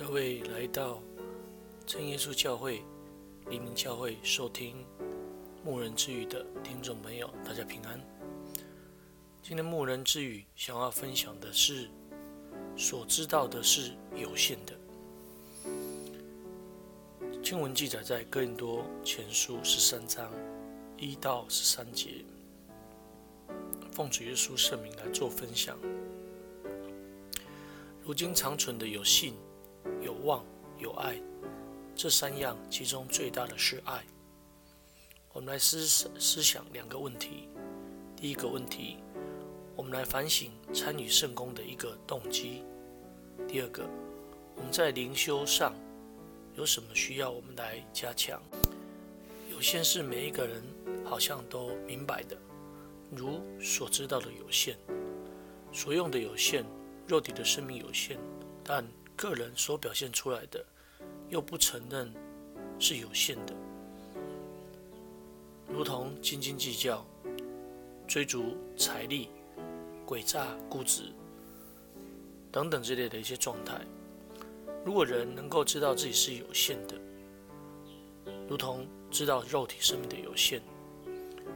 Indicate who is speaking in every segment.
Speaker 1: 各位來到真耶穌教會、黎明教會收聽牧人之語的聽眾朋友，大家平安。今天牧人之語想要分享的是，所知道的是有限的。經文記載在《哥林多前書》十三章一到十三節，奉主耶穌聖名來做分享。如今長存的有信，有望有愛，這三樣其中最大的是愛。我們來思，思思想兩個問題：第一個問題，我們來反省參與聖工的一個動機；第二個，我們在靈修上有什麼需要我們來加強？有限是每一個人好像都明白的，如所知道的有限，所用的有限，肉體的生命有限，但。個人所表現出來的，又不承認是有限的，如同斤斤計較、追逐財力、詭詐、固執等等之類的一些狀態。如果人能夠知道自己是有限的，如同知道肉體生命的有限，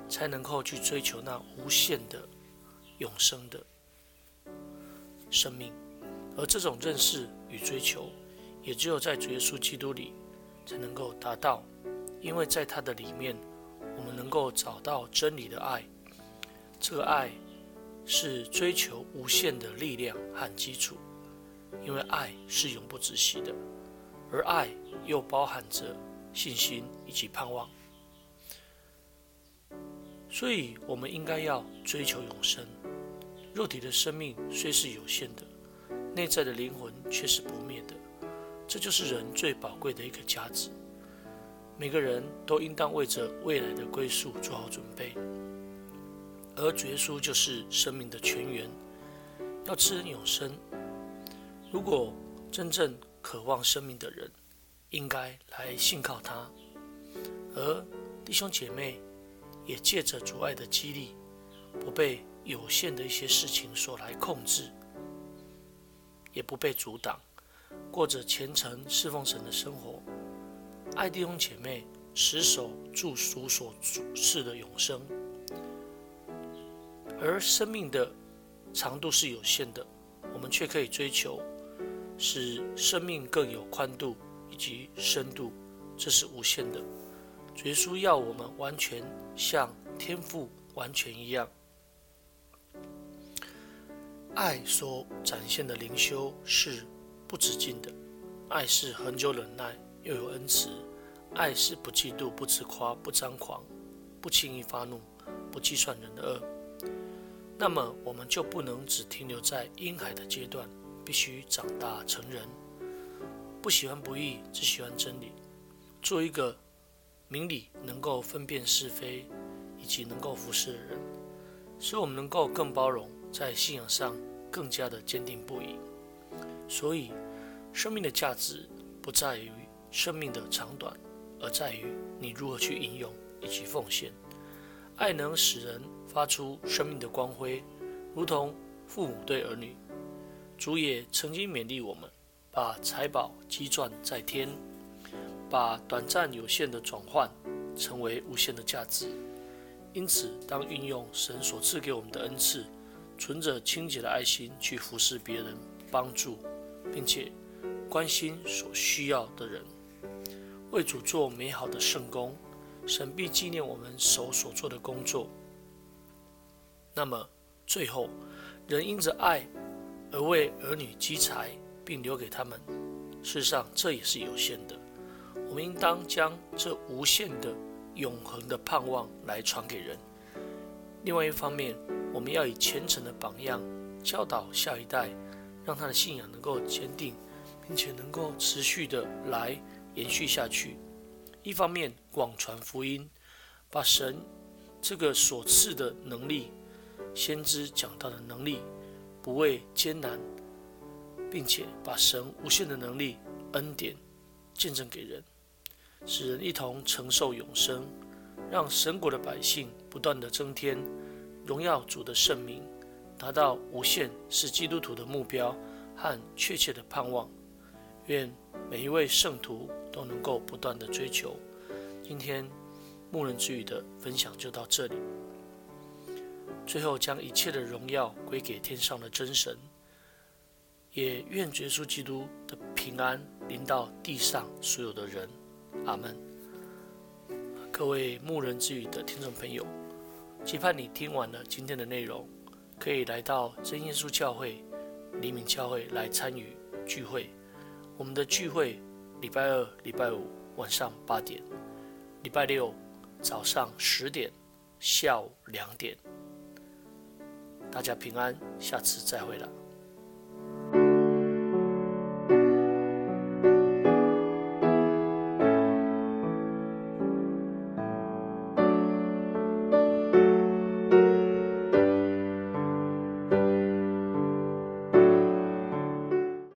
Speaker 1: 才能夠去追求那無限的永生的生命。而這種認識。與追求，也只有在主耶穌基督裡才能夠達到，因為在他的裡面，我們能夠找到真理的愛。這個愛是追求無限的力量和基礎，因為愛是永不止息的，而愛又包含着信心以及盼望。所以，我們應該要追求永生。肉體的生命雖是有限的。內在的靈魂卻是不滅的，這就是人最寶貴的一個價值。每個人都應當為着未來的歸宿做好準備，而耶穌就是生命的泉源，要賜人永生。如果真正渴望生命的人，應該來信靠他；而弟兄姐妹也借着主愛的激勵，不被有限的一些事情所來控制，也不被阻擋，過着虔誠侍奉神的生活，愛弟兄姐妹，持守住屬所主事的永生。而生命的長度是有限的，我們卻可以追求使生命更有寬度以及深度，這是無限的。耶穌要我們完全像天父完全一樣。愛所展現的靈修是不止境的，愛是恆久忍耐，又有恩慈，愛是不嫉妒，不自誇，不張狂，不輕易發怒，不計算人的惡。那麼我們就不能只停留在嬰孩的階段，必須長大成人，不喜歡不義，只喜歡真理，做一個明理、能夠分辨是非以及能夠服侍的人，使我們能夠更包容。在信仰上更加的堅定不移，所以生命的價值不在於生命的長短，而在於你如何去運用以及奉獻。愛能使人發出生命的光輝，如同父母對兒女。主也曾經勉勵我們，把財寶積攢在天，把短暫有限的轉換成為無限的價值。因此，當運用神所賜給我們的恩賜。存着清潔的愛心去服侍別人、幫助，並且關心所需要的人，為主做美好的聖工，神必紀念我們手所做的工作。那麼最後，人因着愛而為兒女積財並留給他們，事實上這也是有限的。我們應當將這無限的、永恆的盼望來傳給人。另外一方面，我們要以虔誠的榜樣教導下一代，讓他的信仰能夠堅定，並且能夠持續的來延續下去。一方面廣傳福音，把神這個所賜的能力、先知講道的能力，不畏艱難，並且把神無限的能力、恩典見證給人，使人一同承受永生，讓神國的百姓不斷的增添。榮耀主的聖名，達到無限是基督徒的目標和確切的盼望。願每一位聖徒都能夠不斷的追求。今天牧人之語的分享就到這裡。最後，將一切的榮耀歸給天上的真神。也願耶穌基督的平安臨到地上所有的人。阿門。各位牧人之語的聽眾朋友，期盼你聽完了今天的內容，可以來到真耶穌教會黎明教會來參與聚會。我們的聚會，禮拜二、禮拜五晚上八點，禮拜六早上十點，下午兩點。大家平安，下次再會了。